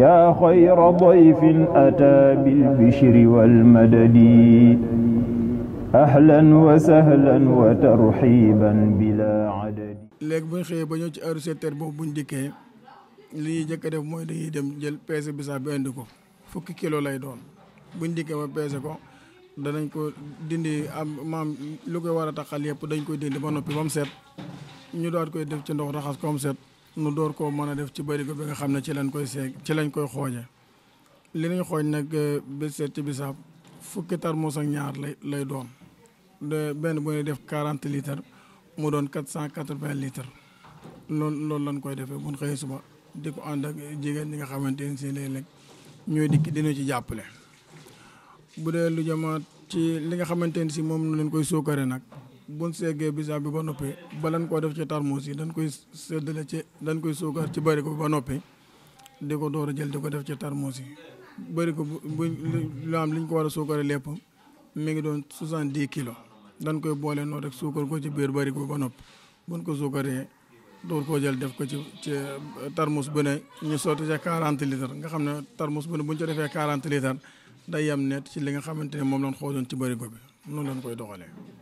yaa xayra dayfin ataa bil bishri wal madadi ahlan wa sahlan wa tarxiiban bilaa adadi. léegi bu ñu ba ñëw ci heure seeteer boobu bu ñu dikkee li ñuy def mooy di dem jël peese bisaab bi indi ko fukki kilo lay doon buñ ñu dikkee ba peese ko danañ ko dindi am maam lu koy war a taxal yëpp dañ koy dindi ba noppi ba mu set ñu doot koy def ci ndox raxas ko mu set. nu door koo mën a def ci ko bi nga xam ne ci lañ koy seeg ci lañ koy xooje li ñuy xooj nag eh, bi seet ci bisaab fukki tarmuus ak ñaar lay lay doon benn bu ñuy def quarante litres mu doon quatre cent quatre vingt litres loolu loolu lañ koy defee buñ xëyee suba di ko ànd ak jigéen ñi nga xamante ne si léeg-léeg ñooy dikk dina ci jàppale bu dee lu jamaat ci li nga xamante ne si moom nu leen koy suukaree nag buñ seggee bisaab bi ba noppi balan koo def ci tarmuus yi dañ koy séddale ci dañ koy suukar ci bari ko ba noppi di ko door a jël di ko def ci tarmuus yi bari ko bu laam liñ ko war a suukaree lépp mi ngi doon soixante-dix kilos dañ koy boole noonu rek suukar ko ci biir bari ko ba noppi buñ ko suukaree door koo jël def ko ci ci tarmuus bu ne ñu sotti ca quarante litres nga xam ne tarmuus bu ne bu ci defee quarante litres day yam net ci li nga xamante ne moom lañ xoojoon ci bari ko bi noonu lañ koy doxalee.